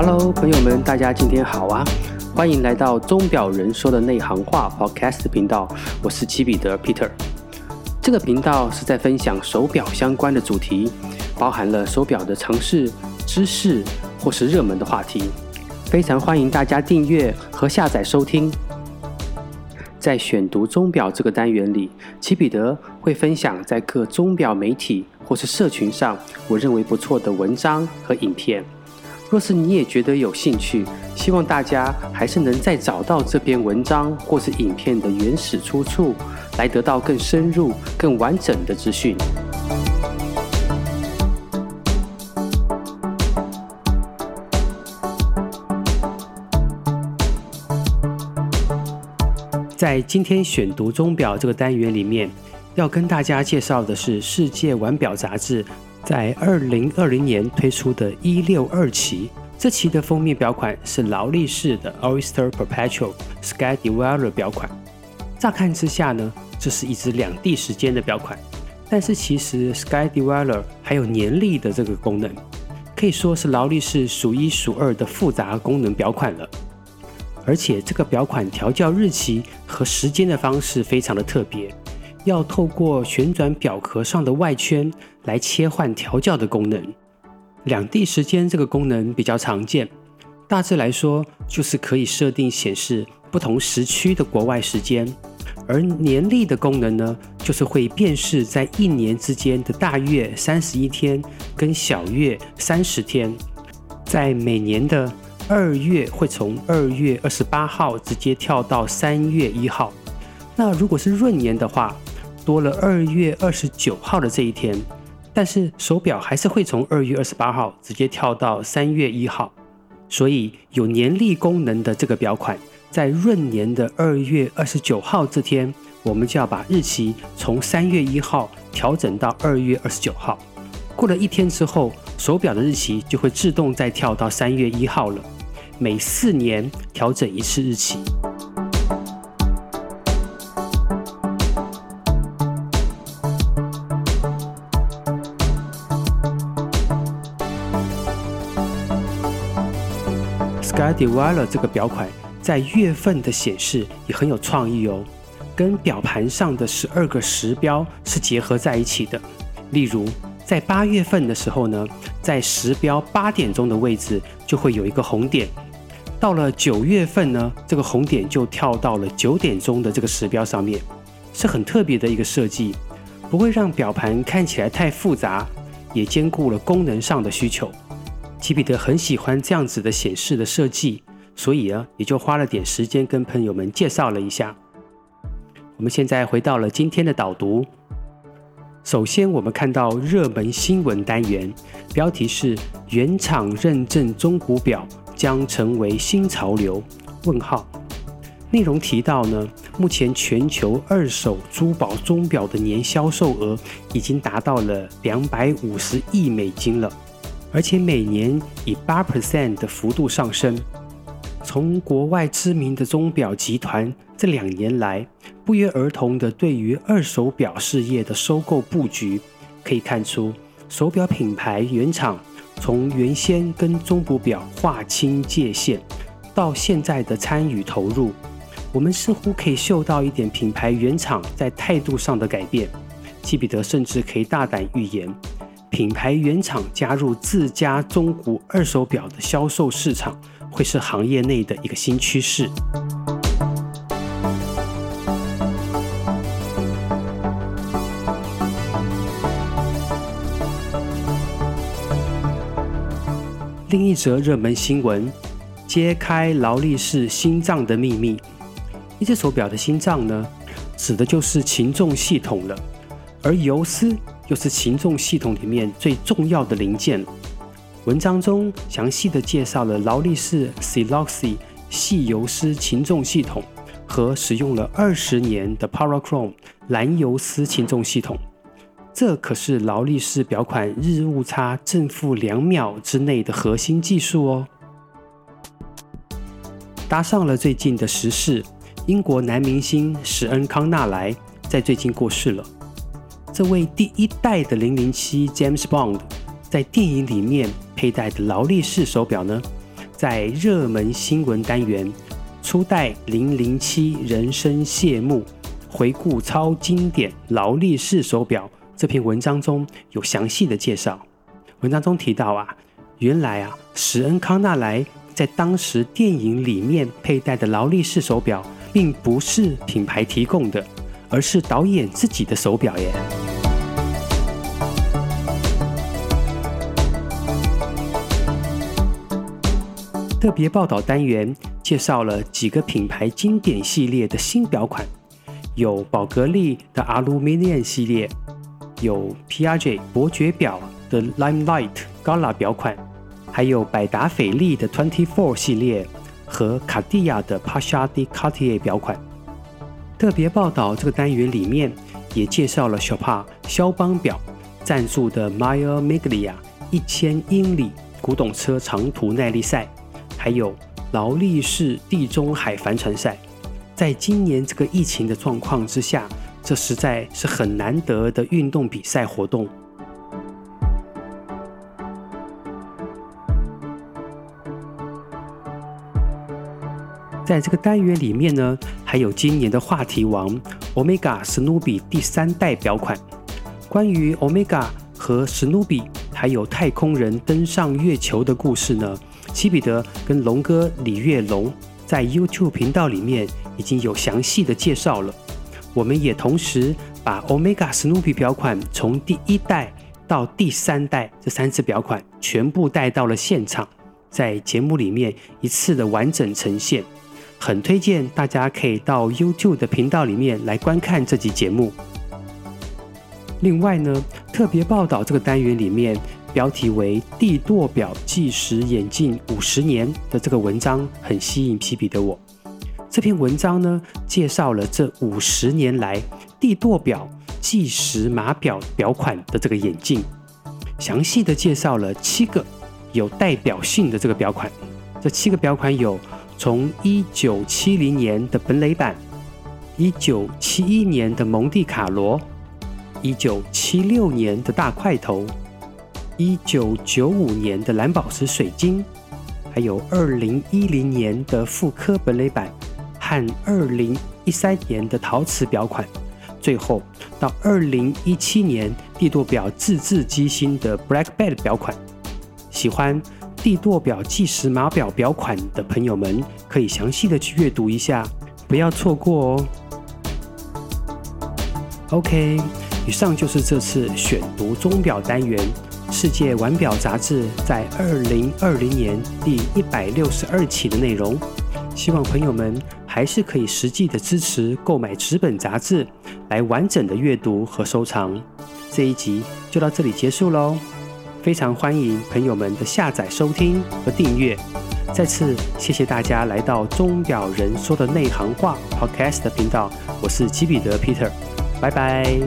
Hello，朋友們，大家今天好啊！歡迎來到《鐘錶人說的內行話》Podcast 頻道，我是齊彼得 Peter。這個頻道是在分享手表相關的主題，包含了手表的常識、知識或是熱門的話題。非常歡迎大家訂閱和下載收聽。在選讀鐘錶這個單元裡，齊彼得會分享在各鐘錶媒體或是社群上我認為不錯的文章和影片。若是你也覺得有興趣，希望大家還是能再找到這篇文章或是影片的原始出處，來得到更深入、更完整的資訊。在今天選讀鐘錶這個單元裡面，要跟大家介紹的是《世界腕錶雜誌》。在二零二零年推出的一六二期，這期的封面表款是勞力士的 Oyster Perpetual Sky-Dweller 表款。乍看之下呢，這是一只兩地時間的表款，但是其實 Sky-Dweller 還有年曆的這個功能，可以說是勞力士數一數二的複雜功能表款了。而且這個表款調校日期和時間的方式非常的特別。要透過旋轉錶殼上的外圈來切換調校的功能。兩地時間這個功能比較常見，大致來說就是可以設定顯示不同時區的國外時間。而年曆的功能呢，就是會辨識在一年之間的大月三十一天跟小月三十天，在每年的二月會從二月二十八號直接跳到三月一號。那如果是閏年的話，多了二月二十九號的這一天，但是手錶還是會從二月二十八號直接跳到三月一號。所以有年曆功能的這個錶款，在閏年的二月二十九號這天，我們就要把日期從三月一號調整到二月二十九號。過了一天之後，手錶的日期就會自動再跳到三月一號了，每四年調整一次日期。Sky-Dweller 這個表款在月份的顯示也很有創意哦，跟錶盤上的十二個時標是結合在一起的。例如，在八月份的時候呢，在時標八點鐘的位置就會有一個紅點，到了九月份呢，這個紅點就跳到了九點鐘的這個時標上面，是很特別的一個設計，不會讓錶盤看起來太複雜，也兼顧了功能上的需求。齊彼得很喜歡這樣子的顯示的設計，所以呢，也就花了點時間跟朋友們介紹了一下。我們現在回到了今天的導讀。首先，我們看到熱門新聞單元，標題是“原廠認證中古表將成為新潮流”。問號。內容提到呢，目前全球二手珠寶鐘表的年銷售額已經達到了兩百五十億美金了。而且每年以八 percent 的幅度上升。從國外知名的鐘錶集團這兩年來不約而同的對於二手錶事業的收購布局，可以看出手錶品牌原廠從原先跟中古錶劃清界限，到現在的參與投入，我們似乎可以嗅到一點品牌原廠在態度上的改變。基比德甚至可以大膽預言，品牌原廠加入自家中古二手表的銷售市場，會是行業內的一個新趨勢。另一則熱門新聞，揭開勞力士心臟的秘密。一隻手表的心臟呢，指的就是擒縱系統了，而游絲，又是擒縱系統裡面最重要的零件。文章中詳細的介紹了勞力士 Syloxi 細游絲擒縱系統和使用了二十年的 Parachrom 藍游絲擒縱系統，這可是勞力士錶款日誤差正負兩秒之內的核心技術哦。搭上了最近的時事，英國男明星史恩康納萊在最近過世了。這位第一代的零零七 James Bond，在電影裡面佩戴的勞力士手表呢，在熱門新聞單元《初代零零七人生謝幕：回顧超經典勞力士手表》這篇文章中，有詳細的介紹。文章中提到啊，原來啊，史恩康納萊在當時電影裡面佩戴的勞力士手表，並不是品牌提供的。而是導演自己的手表耶。特別報道單元介紹了幾個品牌經典系列的新表款，有寶格麗的 Aluminium 系列，有 PRJ 伯爵表的 Limelight Gala 表款，還有百達翡麗的 Twenty Four 系列和卡地亞的 Pasha de Cartier 表款。特別報道這個單元裡面也介紹了小帕肖邦表贊助的 Mille Miglia 一千英里古董車長途耐力賽，還有勞力士地中海帆船賽。在今年這個疫情的狀況之下，這實在是很難得的運動比賽活動。在這個單元裡面呢，還有今年的話題王 Omega Snoopy 第三代表款。關於 Omega 和 Snoopy，還有太空人登上月球的故事呢，西彼得跟龍哥李躍龍在 YouTube 頻道裡面已經有詳細的介紹了。我們也同時把 Omega Snoopy 表款從第一代到第三代這三隻表款全部帶到了現場，在節目裡面一次的完整呈現。很推薦大家可以到 YouTube 的頻道裡面來觀看這集節目。另外呢，特別報道這個單元裡面標題為“帝舵錶計時演進五十年的”的這個文章很吸引皮皮的我。這篇文章呢，介紹了這五十年來帝舵錶計時碼錶錶款的這個演進，詳細的介紹了七個有代表性的這個錶款。這七個錶款有。從一九七零年的本壘板，一九七一年的蒙地卡羅，一九七六年的大塊頭，一九九五年的藍寶石水晶，還有二零一零年的復刻本壘板和二零一三年的陶瓷錶款，最後到二零一七年帝舵錶自製機芯的 Black Bay 錶款，喜歡帝舵錶計時碼錶錶款的朋友們，可以詳細的去閱讀一下，不要錯過哦。OK，以上就是這次選讀鐘錶單元《世界腕錶雜誌》在二零二零年第一百六十二期的內容。希望朋友們還是可以實際的支持購買紙本雜誌，來完整的閱讀和收藏。這一集就到這裡結束嘍。非常歡迎朋友們的下載、收聽和訂閱。再次謝謝大家來到《鐘錶人說的內行話》Podcast 的頻道，我是吉比德 Peter，拜拜。